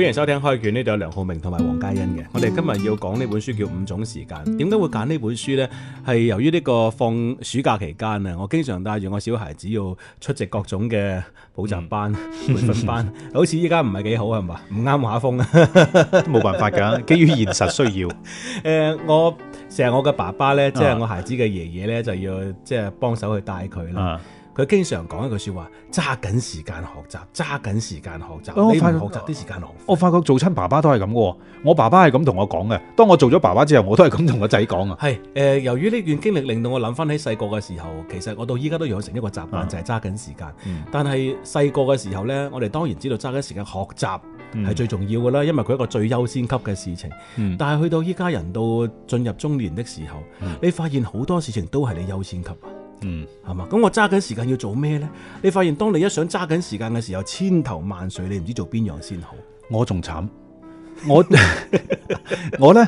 歡迎收聽開卷，呢度有梁浩明同埋黃嘉欣嘅。我哋今日要講呢本書叫《五種時間》，點解會揀呢本書呢？係由於呢個放暑假期間啊，我經常帶住我小孩子要出席各種嘅補習班、培、嗯、訓班， 好似依家唔係幾好係嘛，唔啱畫風，冇 辦法噶。基於現實需要，誒、 呃，我成日我嘅爸爸呢，即係我孩子嘅爺爺呢、啊，就要即係幫手去帶佢啦。啊佢經常講一句說話，揸緊時間學習，揸緊時間學習。你學習啲時間，我發覺做親爸爸都係咁嘅。我爸爸係咁同我講嘅。當我做咗爸爸之後，我都係咁同個仔講啊。係誒、呃，由於呢段經歷令到我諗翻起細個嘅時候，其實我到依家都養成一個習慣、嗯，就係揸緊時間、嗯。但係細個嘅時候呢，我哋當然知道揸緊時間學習係最重要嘅啦、嗯，因為佢一個最優先級嘅事情。嗯、但係去到依家人到進入中年的時候，嗯、你發現好多事情都係你優先級的。嗯，係嘛？咁我揸緊時間要做咩呢？你發現當你一想揸緊時間嘅時候，千頭萬緒，你唔知做邊樣先好。我仲慘，我 我呢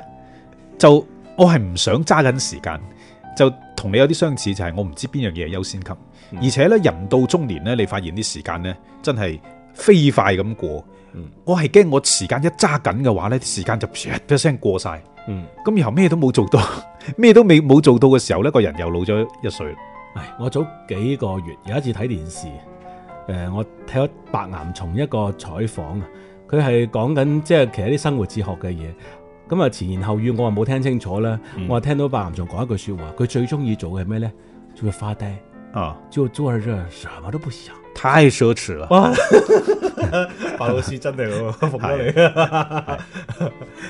就我係唔想揸緊時間，就同你有啲相似，就係、是、我唔知邊樣嘢係優先級。嗯、而且呢，人到中年呢，你發現啲時間呢真係飛快咁過。嗯、我係驚我時間一揸緊嘅話呢，時間就啪一聲過晒。咁、嗯、然後咩都冇做到，咩都未冇做到嘅時候呢，個人又老咗一歲。我早幾個月有一次睇電視，誒、呃，我睇咗白岩松一個採訪啊，佢係講緊即係其實啲生活哲學嘅嘢，咁，啊前言後語我啊冇聽清楚啦，嗯，我啊聽到白岩松講一句說話，佢最中意做嘅係咩咧？做發呆。哦，啊，就做着什麼都不想，太奢侈了。哇 白 老師真係喎、那個，服得你。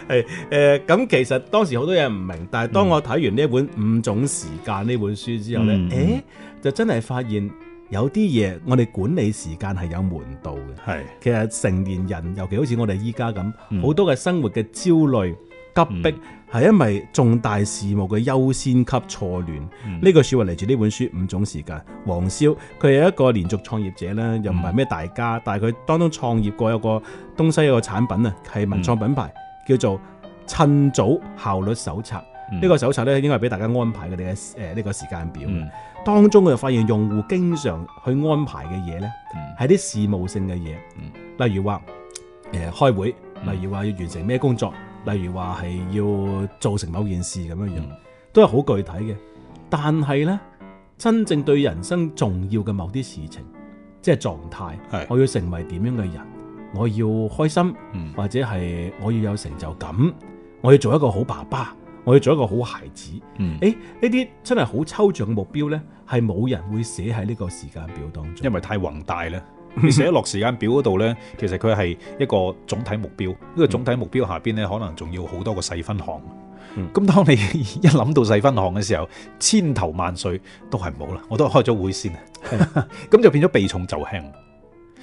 係 誒，咁、呃、其實當時好多嘢唔明，但係當我睇完呢一本《五種時間》呢本書之後咧，誒、嗯、就真係發現有啲嘢我哋管理時間係有門道嘅。係，其實成年人尤其好似我哋依家咁，好、嗯、多嘅生活嘅焦慮。急迫係因為重大事務嘅優先級錯亂。呢個説話嚟自呢本書《五種時間》。黃瀟佢係一個連續創業者咧，又唔係咩大家，嗯、但係佢當中創業過有一個東西有個產品啊，係文創品牌、嗯、叫做《趁早效率手冊》嗯。呢、這個手冊咧，應該係俾大家安排佢哋嘅誒呢個時間表、嗯。當中佢就發現用戶經常去安排嘅嘢咧，係、嗯、啲事務性嘅嘢、嗯，例如話誒、呃、開會，例如話要完成咩工作。例如話係要做成某件事咁樣樣，嗯、都係好具體嘅。但係呢，真正對人生重要嘅某啲事情，即係狀態，係我要成為點樣嘅人，我要開心，嗯、或者係我要有成就感，我要做一個好爸爸，我要做一個好孩子。誒、嗯，呢啲真係好抽象嘅目標呢，係冇人會寫喺呢個時間表當中，因為太宏大啦。 你寫落時間表嗰度呢，其實佢係一個總體目標。呢個總體目標下邊呢，可能仲要好多個細分行。咁、嗯、當你一諗到細分行嘅時候，千頭萬緒都係冇啦。我都開咗會先啊，咁 就變咗避重就輕。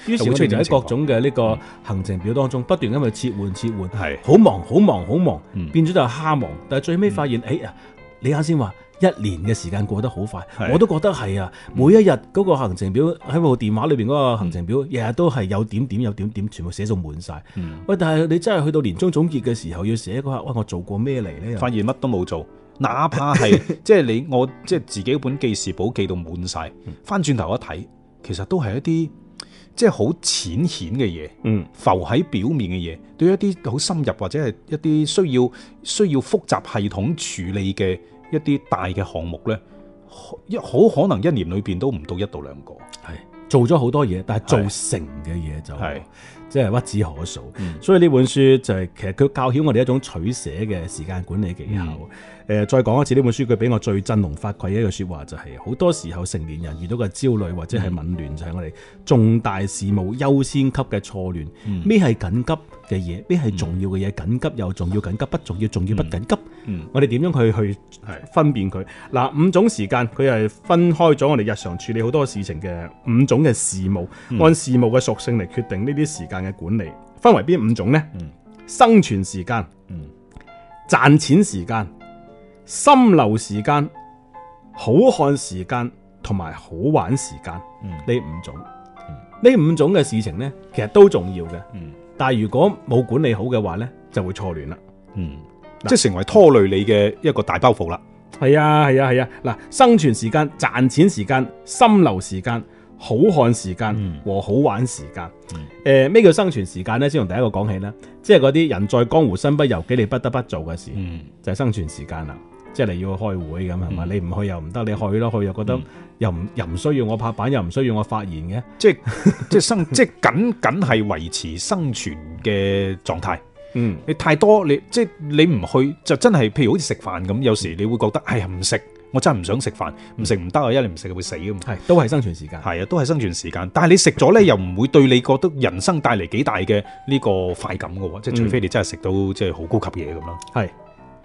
於是乎，出現各種嘅呢個行程表當中，嗯、不斷咁去切換切換，係好忙好忙好忙，忙忙忙嗯、變咗就蝦忙。但係最尾發現，誒、嗯、啊、哎，你啱先話。一年嘅時間過得好快，我都覺得係啊、嗯。每一日嗰個行程表，喺部電話裏邊嗰個行程表，日日、嗯、都係有點點有點點，全部寫到滿晒。喂、嗯，但係你真係去到年終總結嘅時候，要寫嗰下，哇，我做過咩嚟呢？發現乜都冇做，哪怕係即係你我即係、就是、自己本記事簿記到滿晒。翻轉頭一睇，其實都係一啲即係好淺顯嘅嘢、嗯，浮喺表面嘅嘢，對一啲好深入或者係一啲需要需要複雜系統處理嘅。一啲大嘅項目咧，一好可能一年裏邊都唔到一到兩個，係做咗好多嘢，但係做成嘅嘢就係，即係屈指可數。嗯，所以呢本書就係，是，其實佢教曉我哋一種取捨嘅時間管理技巧。嗯。誒，再講一次呢本書，佢俾我最振聾發聵嘅一句説話就係、是：好多時候成年人遇到嘅焦慮或者係紊亂，嗯、就係、是、我哋重大事務優先級嘅錯亂。咩、嗯、係緊急嘅嘢？咩、嗯、係重要嘅嘢？緊急又重要，緊急不重要，重要不緊急。嗯嗯、我哋點樣去去分辨佢嗱五種時間？佢係分開咗我哋日常處理好多事情嘅五種嘅事務、嗯，按事務嘅屬性嚟決定呢啲時間嘅管理，分為邊五種呢、嗯？生存時間，嗯、賺錢時間。心流時間、好看時間同埋好玩時間，呢、嗯、五種呢、嗯、五種嘅事情呢，其實都重要嘅、嗯。但係如果冇管理好嘅話呢，就會錯亂啦。嗯，即係成為拖累你嘅一個大包袱啦。係、嗯、啊，係啊，係啊。嗱、啊啊，生存時間、賺錢時間、心流時間、好看時間和好玩時間。誒、嗯，咩、呃、叫生存時間呢？先從第一個講起啦。即係嗰啲人在江湖身不由己，你不得不做嘅事，嗯、就係、是、生存時間啦。即係你要開會咁係嘛？嗯、你唔去又唔得，你去咯，去又覺得又唔又唔需要我拍板，又唔需要我發言嘅，即係即生 即係緊緊係維持生存嘅狀態。嗯，你太多你即係你唔去就真係，譬如好似食飯咁，有時你會覺得哎，唔食，我真係唔想食飯，唔食唔得啊，因為你唔食會死咁嘛、嗯。都係生存時間。係啊，都係生存時間。但係你食咗咧，又唔會對你覺得人生帶嚟幾大嘅呢個快感嘅喎，嗯、即係除非你真係食到即係好高級嘢咁咯。係。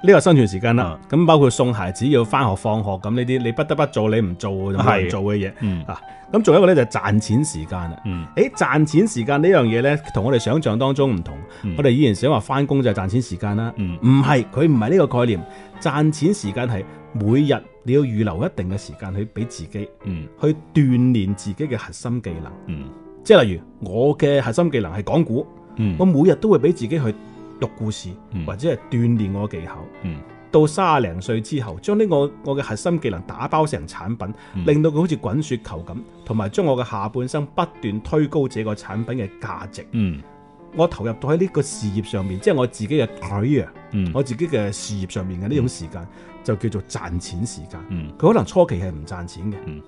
呢個生存時間啦，咁、嗯、包括送孩子要翻學放學咁呢啲，你不得不做，你唔做就唔做嘅嘢。啊，咁、嗯、仲有一個咧就係賺錢時間啦。誒、嗯，賺錢時間呢樣嘢咧，同我哋想象當中唔同。嗯、我哋以前想話翻工就係賺錢時間啦，唔係，佢唔係呢個概念。賺錢時間係每日你要預留一定嘅時間去俾自己、嗯，去鍛鍊自己嘅核心技能。嗯，即係例如我嘅核心技能係講股、嗯，我每日都會俾自己去。讀故事或者係鍛鍊我技巧，嗯、到三十零歲之後，將呢個我嘅核心技能打包成產品，嗯、令到佢好似滾雪球咁，同埋將我嘅下半生不斷推高這個產品嘅價值。嗯，我投入到喺呢個事業上面，即係我自己嘅 career，我自己嘅事業上面嘅呢種時間、嗯，就叫做賺錢時間。嗯，佢可能初期係唔賺錢嘅。嗯。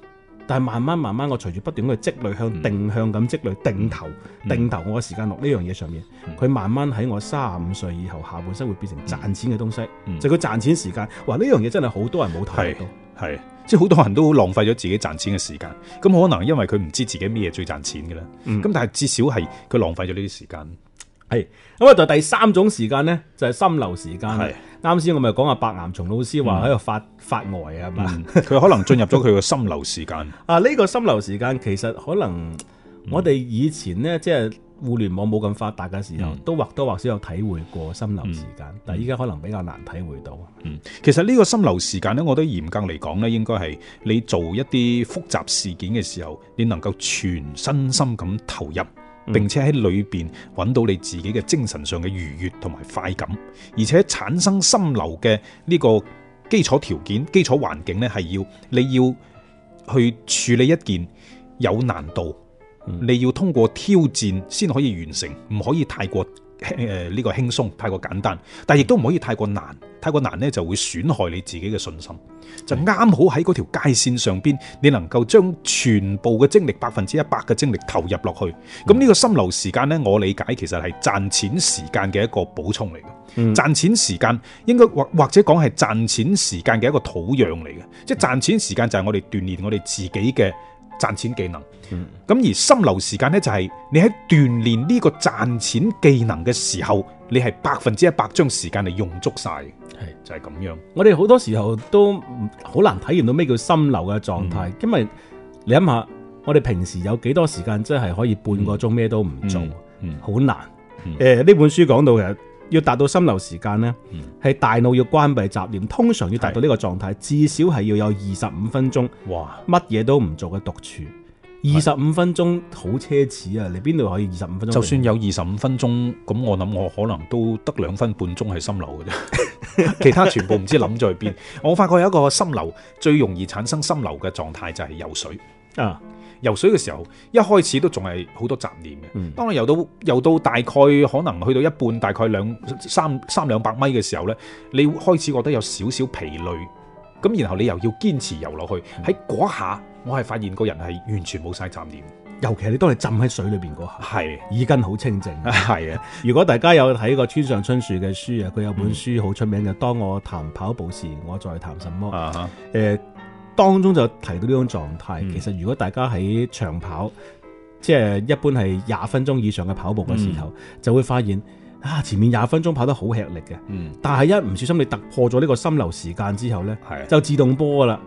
但係慢慢慢慢，我隨住不斷嘅積累，向定向咁積累定投、嗯，定投我嘅時間落呢樣嘢上面，佢、嗯、慢慢喺我三十五歲以後下半生會變成賺錢嘅東西，嗯、就佢、是、賺錢時間，哇！呢樣嘢真係好多人冇睇到，係即係好多人都很浪費咗自己賺錢嘅時間，咁可能因為佢唔知自己咩嘢最賺錢嘅咧，咁、嗯、但係至少係佢浪費咗呢啲時間，係咁啊！就第三種時間呢，就係、是、心流時間。啱先我咪講阿白岩松老師話喺度發發呆啊嘛，佢、嗯、可能進入咗佢、 啊這個心流時間。啊呢個心流時間其實可能我哋以前呢，即、就、係、是、互聯網冇咁發達嘅時候，都或多或少有體會過心流時間，但係依家可能比較難體會到、嗯嗯嗯。其實呢個心流時間咧，我都嚴格嚟講咧，應該係你做一啲複雜事件嘅時候，你能夠全身心咁投入，並且喺裏邊揾到你自己嘅精神上嘅愉悅同埋快感，而且產生心流嘅呢個基礎條件、基礎環境呢，係要你要去處理一件有難度，嗯、你要通過挑戰先可以完成，唔可以太過。誒，呢個輕鬆太過簡單，但係亦都唔可以太過難，太過難呢，就會損害你自己嘅信心。就啱好喺嗰條界線上邊，你能夠將全部嘅精力，百分之一百嘅精力投入落去。咁呢個心流時間呢，我理解其實係賺錢時間嘅一個補充嚟嘅。嗯、賺錢時間應該或或者講係賺錢時間嘅一個土壤嚟嘅，即係賺錢時間就係我哋鍛煉我哋自己嘅。賺錢技能，咁而心流時間呢，就係你喺鍛煉呢個賺錢技能嘅時候，你係百分之一百將時間嚟用足晒，係就係、是、咁樣。我哋好多時候都好難體驗到咩叫心流嘅狀態，因為你諗下，我哋平時有幾多時間真係可以半個鐘咩都唔做，好、嗯嗯嗯、難。誒、嗯，呢、呃、本書講到嘅。要達到心流時間呢，係大腦要關閉雜念，通常要達到呢個狀態，是至少係要有二十五分鐘。哇，乜嘢都唔做嘅獨處，二十五分鐘好奢侈啊！你邊度可以二十五分鐘？就算有二十五分鐘，咁我諗我可能都得兩分半鐘係心流嘅啫， 其他全部唔知諗咗去邊。 我發覺有一個心流最容易產生心流嘅狀態就係游水。啊！游水嘅時候，一開始都仲係好多雜念嘅、嗯。當你游到游到大概可能去到一半，大概兩三三兩百米嘅時候呢，你開始覺得有少少疲累。咁然後你又要堅持游落去。喺嗰下，我係發現個人係完全冇晒雜念。尤其係你當你浸喺水裏邊嗰下，係、啊、耳根好清淨。係啊， 如果大家有睇過村上春樹嘅書啊，佢有本書好出名嘅、嗯，當我談跑步時，我再談什麼誒。啊當中就提到呢種狀態，其實如果大家喺長跑，嗯、即係一般係廿分鐘以上嘅跑步嘅時候，嗯、就會發現啊，前面廿分鐘跑得好吃力嘅，嗯、但係一唔小心你突破咗呢個心流時間之後呢，嗯、就自動波啦，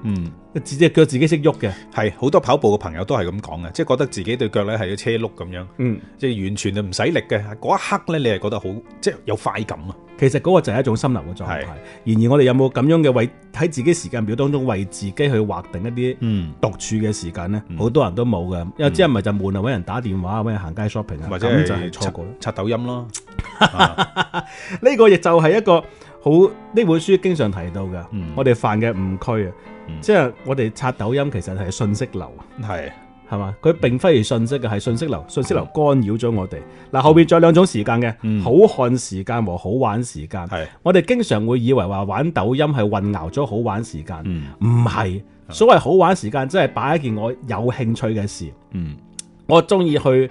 隻、嗯、腳自己識喐嘅，係好多跑步嘅朋友都係咁講嘅，即係覺得自己對腳呢係個車碌咁樣，嗯、即係完全就唔使力嘅，嗰一刻呢，你係覺得好即係有快感啊！其實嗰個就係一種心流嘅狀態。然而我哋有冇咁樣嘅位，喺自己時間表當中為自己去劃定一啲獨處嘅時間咧？好、嗯、多人都冇嘅。有啲人咪就悶啊，搵人打電話啊，搵人行街 shopping 啊。或者是刷就係錯過，刷抖音咯。呢、 啊、 個亦就係一個好呢本書經常提到嘅、嗯，我哋犯嘅誤區啊。即係我哋刷抖音其實係信息流。係。係嘛？佢並非係信息嘅，係信息流。信息流干擾咗我哋。嗱，後邊仲有兩種時間嘅、嗯，好看時間和好玩時間。係，我哋經常會以為話玩抖音係混淆咗好玩時間。唔係、嗯、係，所謂好玩時間，即係擺一件我有興趣嘅事。嗯，我中意去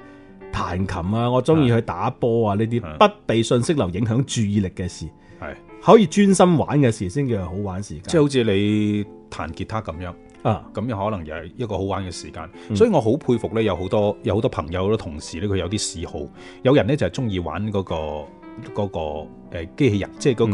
彈琴啊，我中意去打波啊，呢啲不被信息流影響注意力嘅事，係可以專心玩嘅事先叫好玩時間。即係好似你彈吉他咁樣。啊，咁樣可能又係一個好玩嘅時間，所以我好佩服咧，有好多有好多朋友好多同事咧，佢有啲嗜好，有人咧就係中意玩嗰個嗰個誒機器人，即係嗰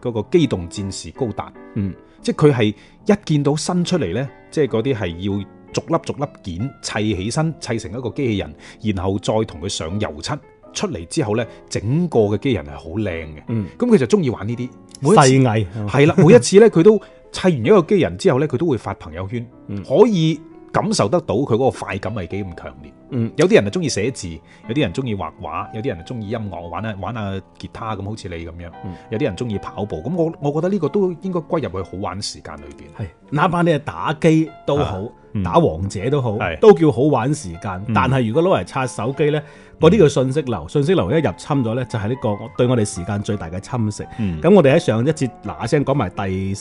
個嗰個，嗯，機動戰士高達，嗯，即係佢係一見到新出嚟咧，即係嗰啲係要逐粒逐粒件砌起身，砌成一個機器人，然後再同佢上油漆，出嚟之後咧，整個嘅機器人係好靚嘅，嗯，咁佢就中意玩呢啲，細藝係啦，每一次咧佢都。 砌完一個機人之後呢，佢都會發朋友圈，嗯、可以感受得到佢嗰個快感係幾咁強烈。嗯、有啲人就中意寫字，有啲人中意畫畫，有啲人就中意音樂，玩下玩下、啊、吉他咁，好似你咁樣。嗯、有啲人中意跑步，咁我我覺得呢個都應該歸入去好玩時間裏邊。係，哪怕你係打機都好，打王者都好，都叫好玩時間。嗯、但係如果攞嚟刷手機呢，嗰啲叫信息流。信息流一入侵咗呢，就係、是、呢個對我哋時間最大嘅侵蝕。咁、嗯、我哋喺上一節嗱聲講埋第。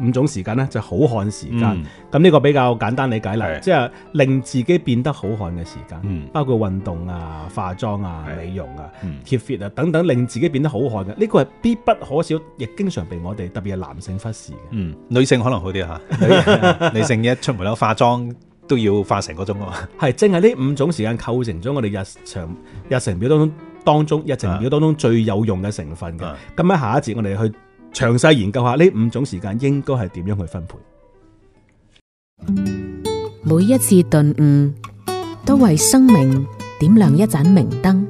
五種時間咧就係、好看時間，咁、嗯、呢個比較簡單理解啦，即係令自己變得好看嘅時間、嗯，包括運動啊、化妝啊、美容啊、keep、嗯、fit 啊等等，令自己變得好看嘅呢個係必不可少，亦經常被我哋特別係男性忽視嘅、嗯。女性可能好啲嚇， 女，人啊、 女性一出門口化妝都要化成個鐘啊嘛。係，正係呢五種時間構成咗我哋日常日程表當中當中日程表當中最有用嘅成分嘅。咁、嗯、喺下一節我哋去。詳細研究下呢五種時間應該係點樣去分配？每一次頓悟，都為生命點亮一盞明燈。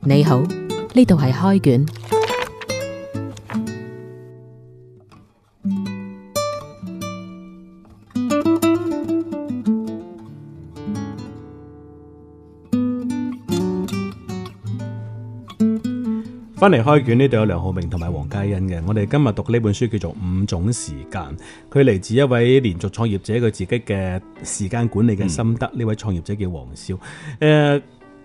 你好，呢度係開卷。翻嚟開卷呢度有梁浩明同埋黃嘉欣嘅，我哋今日讀呢本書叫做《五種時間》，佢嚟自一位連續創業者佢自己嘅時間管理嘅心得。呢、嗯、位創業者叫黃少，誒、呃，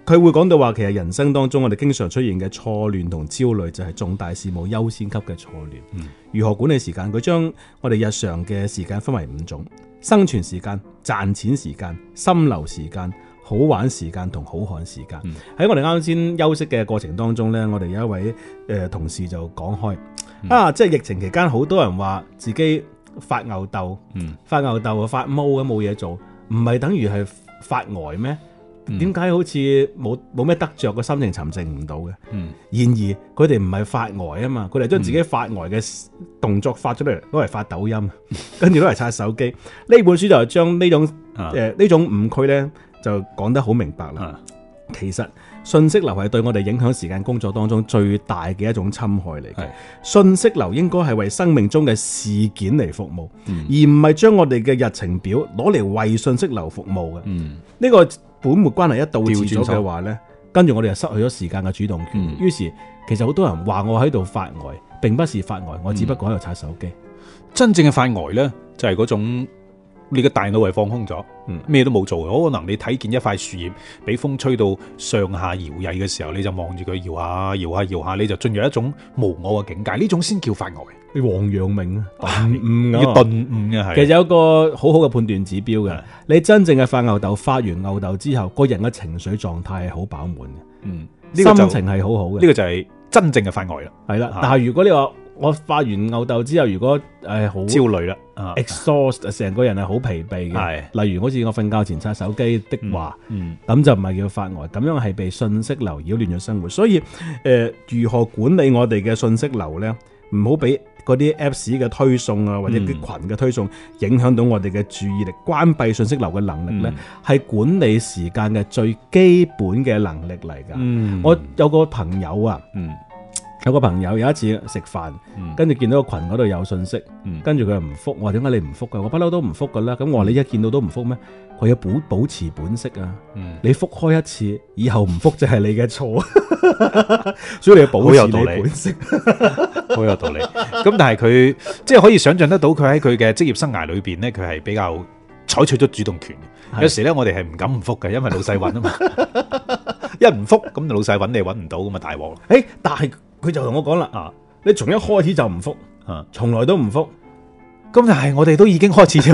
佢會講到話，其實人生當中我哋經常出現嘅錯亂同焦慮，就係重大事務優先級嘅錯亂、嗯。如何管理時間？佢將我哋日常嘅時間分為五種：生存時間、賺錢時間、心流時間。好玩時間同好看時間。喺我哋啱先休息嘅過程當中咧，我哋有一位誒、呃、同事就講開，嗯、啊，即係疫情期間，好多人話自己發吽豆，嗯，發吽豆啊，發毛咁冇嘢做，唔係等於係發呆咩？點、嗯、解好似冇冇咩得着，個心情沉靜唔到嘅，嗯？然而佢哋唔係發呆啊嘛，佢哋將自己發呆嘅動作發出嚟，攞嚟發抖音，嗯、跟住攞嚟刷手機。呢 本書就係將呢種誒呢、呃、種誤區咧。就講得好明白啦。其實信息流係對我哋影響時間工作當中最大嘅一種侵害嚟嘅。信息流應該係為生命中嘅事件嚟服務，嗯、而唔係將我哋嘅日程表攞嚟為信息流服務嘅。呢、嗯呢個本末關係一倒轉咗嘅話呢，跟住我哋就失去咗時間嘅主動權。於、嗯、是其實好多人話我喺度發呆，並不是發呆，我只不過喺度刷手機、嗯。真正嘅發呆呢，就係、是、嗰種。你嘅大腦係放空咗，嗯，咩都冇做。可能你睇見一塊樹葉俾風吹到上下搖曳嘅時候，你就望住佢搖下搖下搖下，你就進入一種無我嘅境界。呢種先叫發呆。你王陽明頓悟啊，頓悟、嗯、啊，其實有個好好嘅判斷指標嘅、嗯，你真正嘅發吽豆發完吽豆之後，個人嘅情緒狀態係好飽滿嘅，嗯，這個、心情係好好嘅。呢、這個就係真正嘅發呆啦。係啦，但係如果呢個我發完吽斗之後，如果誒好焦慮啦，exhaust，成個人係好疲憊嘅。係，例如好似我瞓覺前刷手機的話，咁、嗯嗯、就唔係叫發呆，咁樣係被信息流擾亂咗生活。所以誒、呃，如何管理我哋嘅信息流呢？唔好俾嗰啲 apps 嘅推送啊，或者啲群嘅推送影響到我哋嘅注意力，嗯、關閉信息流嘅能力呢，係、嗯、管理時間嘅最基本嘅能力嚟噶、嗯。我有個朋友啊。嗯有個朋友有一次食飯，跟住見到個群嗰度有信息，跟住佢又唔覆。我話點解你唔覆嘅？我不嬲都唔覆㗎啦。咁我話你一見到都唔覆咩？佢要保保持本色啊！嗯、你覆開一次，以後唔覆就係你嘅錯。 所以你要保持你本色，好有道理。咁 但係佢即係可以想象得到，佢喺佢嘅職業生涯裏邊呢，佢係比較採取咗主動權。有時呢，我哋係唔敢唔覆嘅，因為老細揾啊嘛。 一唔覆咁，咁老細揾你揾唔到咁啊，大鑊。誒、欸，但係。佢就同我講啦，啊，你從一開始就唔覆，啊，從來都唔覆，今日係我哋都已經開始，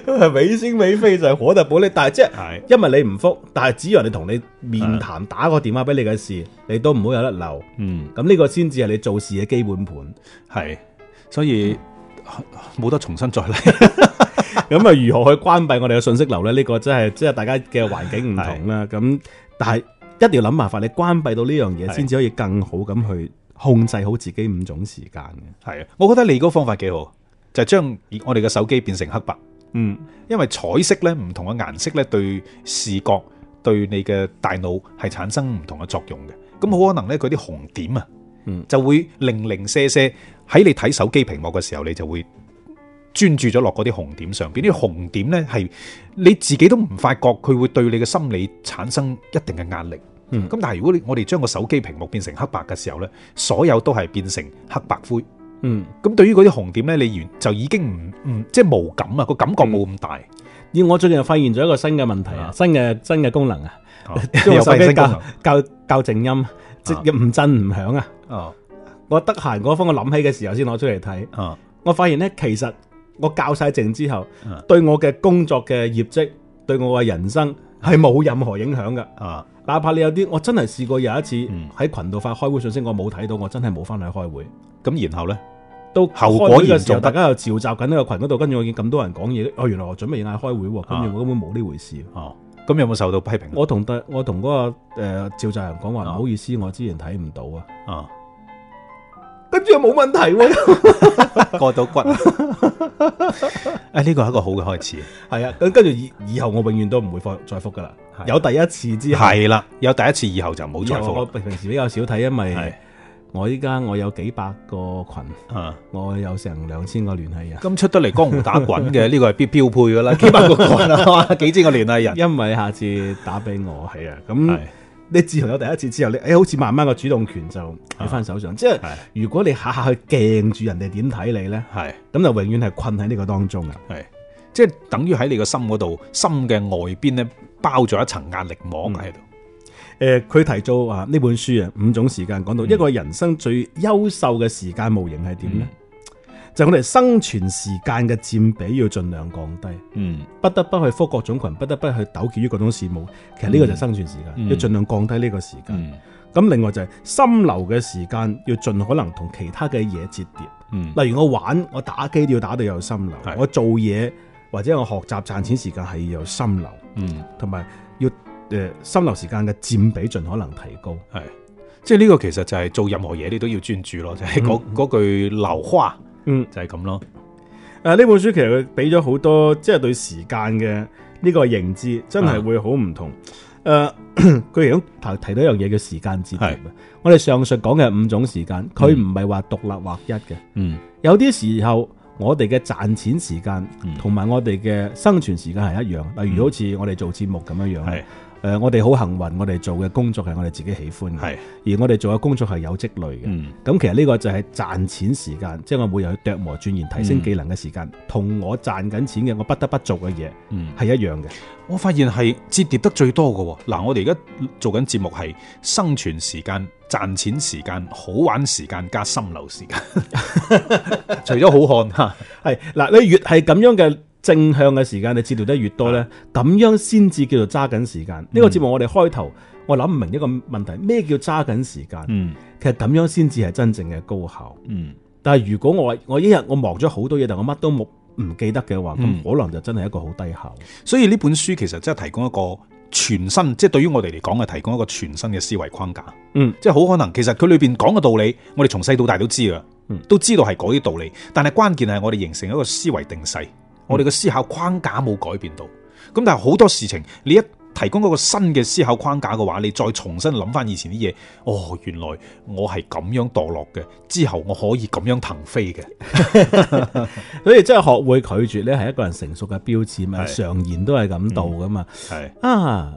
咁係尾聲尾飛就係可特保力，但係即係，因為你唔覆，但係只要你同你面談 打個電話俾你嘅事，你都唔好有得留，嗯，咁呢個先至係你做事嘅基本盤，係，所以冇、啊、得重新再嚟，咁啊，如何去關閉我哋嘅信息流咧？呢、這個真係即係大家嘅環境唔同啦，咁但係。一定要諗辦法，你關閉到呢樣嘢，先至可以更好咁去控制好自己五種時間嘅。係啊，我覺得你嗰個方法幾好，就係將我哋嘅手機變成黑白。嗯，因為彩色咧，唔同嘅顏色咧，對視覺對你嘅大腦係產生唔同嘅作用嘅。咁好可能咧，佢啲紅點啊，嗯，就會零零舍舍喺你睇手機屏幕嘅時候，你就會。專注咗落嗰啲紅點上邊，呢啲紅點咧，係你自己都唔發覺佢會對你嘅心理產生一定嘅壓力。嗯，咁但係如果你我哋將個手機屏幕變成黑白嘅時候咧，所有都係變成黑白灰。嗯，咁對於嗰啲紅點咧，你原就已經唔唔、嗯、即係冇感啊，個感覺冇咁大。而我最近又發現咗一個新嘅問題啊，新嘅新嘅功能啊，我教教靜音，即係唔震唔響啊。哦、啊啊，我得閒嗰方我諗起嘅時候先攞出嚟睇。哦、啊，我發現咧其實。我教晒證之後，對我嘅工作嘅業績，對我嘅人生係冇任何影響嘅。啊，哪怕你有啲，我真係試過有一次喺群度發開會信息，我冇睇到，我真係冇翻去開會。咁、嗯嗯、然後咧，都後果開會嘅時候，大家又召集緊呢個群嗰度，跟住我見咁多人講嘢，哦，原來我準備嗌開會喎，跟住我根本冇呢回事。哦、啊，咁、啊啊、有冇受到批評？我同第我同嗰、那個誒、呃、召集人講話，唔、啊、好意思，我之前睇唔到啊。啊。跟住冇問題喎、啊，過 到了骨。誒、 哎，呢個係一個好嘅開始。係啊，咁跟住以以後，我永遠都唔會再復噶啦、啊。有第一次之後係啦，有第一次以後就冇再復了。我平時比較少睇，因為我依家我有幾百個群、啊，我有成兩千個聯繫人。咁出得嚟江湖打滾嘅呢 個係標標配噶啦，幾百個群啊， 幾千個聯繫人，因為下次打俾我係 啊咁。你自從有第一次之後，你誒，好似慢慢個主動權就喺翻手上。啊、即係如果你下下去鏡住人哋點睇你咧，咁就永遠係困喺呢個當中啊。係即係等於喺你個心嗰度，心嘅外邊咧包咗一層壓力網喺度。誒、嗯，佢、呃、提到啊呢本書啊五種時間，講到一個人生最優秀嘅時間模型係點呢？嗯嗯就是、我哋生存時間嘅佔比要盡量降低，嗯，不得不去覆各種群，不得不去糾結於各種事務。其實呢個就係生存時間、嗯，要盡量降低呢個時間。咁、嗯、另外就係心流嘅時間要盡可能同其他嘅嘢折疊。嗯，例如我玩我打機都要打到有心流，我做嘢或者我學習賺錢時間係要有心流，嗯，同埋要誒心流時間嘅佔比盡可能提高。係，即係呢個其實就係做任何嘢你都要專注咯，就係、是、嗰、嗯、句流花」。嗯，就係、是、咁咯。誒、啊，呢本書其實佢俾咗好多，即係對時間嘅呢個認知，真係會好唔同。誒、啊，佢而家提提到一樣嘢叫時間節點。我哋上述講嘅五種時間，佢唔係話獨立或一嘅。嗯，有啲時候我哋嘅賺錢時間同埋我哋嘅生存時間係一樣。例如好似我哋做節目咁樣樣。嗯誒、呃，我哋好幸運，我哋做嘅工作係我哋自己喜歡嘅，係。而我哋做嘅工作係有積累嘅。咁、嗯、其實呢個就係賺錢時間，即、嗯、係、就是、我每日去琢磨鑽研提升技能嘅時間，同、嗯、我賺緊錢嘅我不得不做嘅嘢，係一樣嘅。我發現係折疊得最多嘅。嗱，我哋而家做緊節目係生存時間、賺錢時間、好玩時間加心流時間， 除咗好看吓，係 嗱，你越係咁樣嘅。正向嘅時間，你治療得越多呢，咁樣先至叫做揸緊時間。呢、嗯這個節目我哋開頭，我諗唔明一個問題，咩叫揸緊時間、嗯？其實咁樣先至係真正嘅高效。嗯、但係如果我我一日我忙咗好多嘢，但我乜都冇唔記得嘅話，咁可能就真係一個好低效。嗯、所以呢本書其實真係提供一個全新，即、就、係、是、對於我哋嚟講係提供一個全新嘅思維框架。嗯，即係好可能，其實佢裏邊講嘅道理，我哋從細到大都知啦、嗯，都知道係嗰啲道理，但係關鍵係我哋形成一個思維定勢。嗯、我哋嘅思考框架冇改變到，咁但係好多事情，你一提供嗰個新嘅思考框架嘅話，你再重新諗翻以前啲嘢，哦，原來我係咁樣墮落嘅，之後我可以咁樣騰飛嘅， 所以真係學會拒絕呢係一個人成熟嘅標誌嘛，常言都係咁道㗎嘛，係、嗯、啊，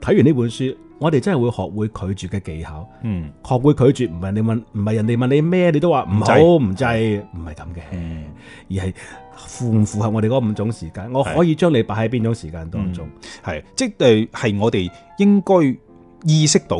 睇完呢本書。我哋真係會學會拒絕嘅技巧，嗯，學會拒絕唔係你問唔係人哋問你咩，你都話唔制唔制，唔係咁嘅，而係符唔符合我哋嗰五種時間，嗯，我可以將你擺喺邊種時間當中，係即係，係我哋應該意識到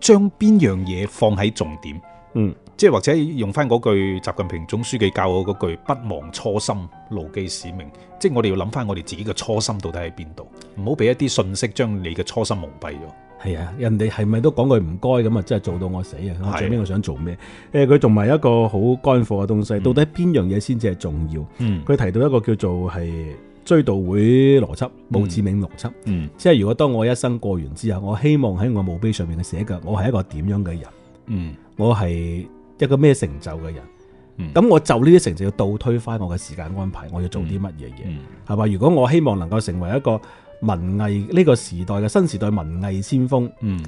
將邊樣嘢放喺重點，嗯，即係或者用翻嗰句習近平總書記教我嗰句，不忘初心，牢記使命，即係我哋要諗翻我哋自己嘅初心到底喺邊度，唔好俾一啲信息將你嘅初心蒙蔽咗。係啊，人哋係咪都講句唔該咁啊？真係做到我死啊！我最尾我想做咩？誒、呃，佢仲埋一個好乾貨嘅東西。嗯、到底邊樣嘢先至係重要？嗯，佢提到一個叫做係追悼會邏輯、墓誌銘邏輯。嗯，嗯即係如果當我一生過完之後，我希望喺我墓碑上面寫嘅，我係一個點樣嘅人？嗯，我係一個咩成就嘅人？嗯，咁我就呢啲成就，要倒推翻我嘅時間安排，我要做啲乜嘢嘢？係、嗯、嘛、嗯？如果我希望能夠成為一個文藝呢個時代嘅新時代文藝先鋒，嗯，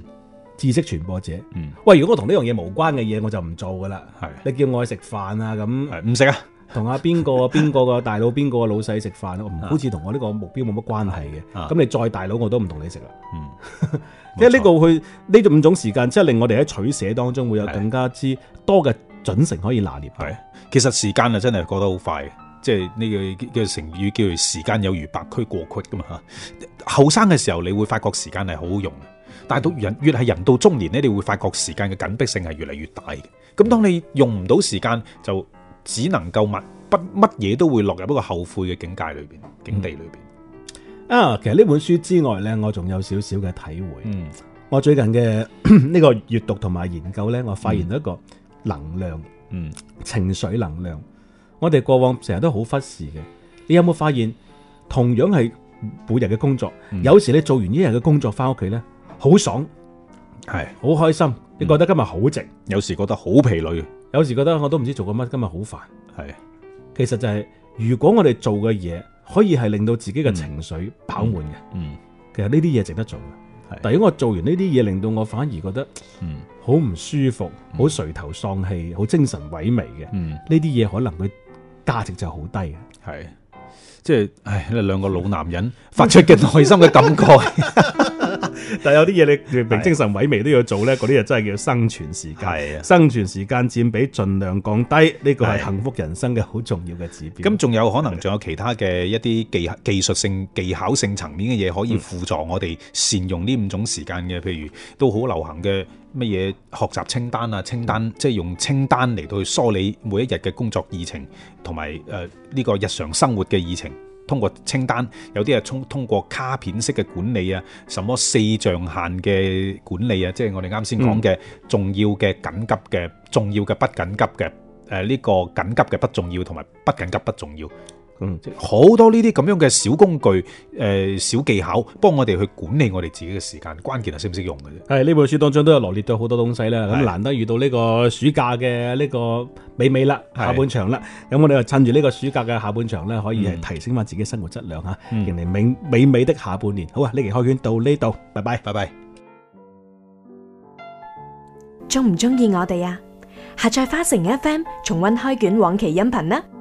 知識傳播者，嗯，喂，如果我同呢樣嘢無關嘅嘢，我就唔做噶啦，係，你叫我去食飯啊咁，唔食啊，同阿邊個邊個個大佬邊個老細食飯，我唔，好似同我呢個目標冇乜關係嘅，咁你再大佬我都唔同你食啦，嗯， 因為呢、這個去呢五種時間，即係令我哋喺取捨當中會有更加之多嘅準繩可以拿捏，係，其實時間啊真係過得好快。即係呢個嘅成語叫做時間有如白駒過隙噶嘛吓，後生嘅時候你會發覺時間係好好用嘅，但係到人越係人到中年咧，你會發覺時間嘅緊迫性係越嚟越大嘅。咁當你用唔到時間，就只能夠物不乜嘢都會落入一個後悔嘅境界裏邊，境地裏邊。嗯。啊，其實呢本書之外咧，我仲有少少嘅體會。嗯，我最近嘅呢個閱讀同埋研究咧，我發現咗一個能量，嗯，嗯，情緒能量。我哋過往成日都好忽視嘅，你有冇發現同樣係每日嘅工作？嗯、有時你做完一日嘅工作翻屋企咧，好爽，係好開心，嗯、你覺得今日好值；有時覺得好疲累，有時覺得我都唔知做過乜，今日好煩。係，其實就係、是、如果我哋做嘅嘢可以係令到自己嘅情緒飽滿嘅，嗯，其實呢啲嘢值得做嘅。的但如果我做完呢啲嘢，令到我反而覺得，嗯，好唔舒服，好垂頭喪氣，好精神萎靡嘅，嗯，呢啲嘢可能會價值就好低嘅，係即係，唉，呢兩個老男人發出嘅內心嘅感覺。 但有啲嘢你連精神萎靡都要做呢嗰啲嘢真係叫生存時間。生存時間佔比盡量降低，呢個係幸福人生嘅好重要嘅指標。咁仲有可能仲有其他嘅一啲技技術性、技巧性層面嘅嘢可以輔助我哋善用呢五種時間嘅，譬如都好流行嘅乜嘢學習清單啊，清單，即係用清單嚟到去梳理每一日嘅工作議程，同埋誒呢個日常生活嘅議程。通過清單，有啲係通通過卡片式嘅管理啊，什麼四象限嘅管理啊，即係我哋啱先講嘅重要嘅緊急嘅，重要嘅不緊急嘅，誒、這、呢個緊急嘅不重要，同埋不緊急不重要。嗯，好，就是多呢啲咁樣嘅小工具，誒、呃，小技巧，幫我哋去管理我哋自己嘅時間，關鍵係識唔識用嘅啫。係呢本書當中都有羅列咗好多東西啦。咁難得遇到呢個暑假嘅呢個美美啦，下半場啦，咁我哋就趁住呢個暑假嘅下半場咧，可以係提升返自己生活質量吓，迎嚟美美美的下半年。好啊，呢期開卷到呢度，拜拜、拜拜。鍾唔鍾意我哋啊？下載花城 FM 重溫開卷往期音頻呢、啊。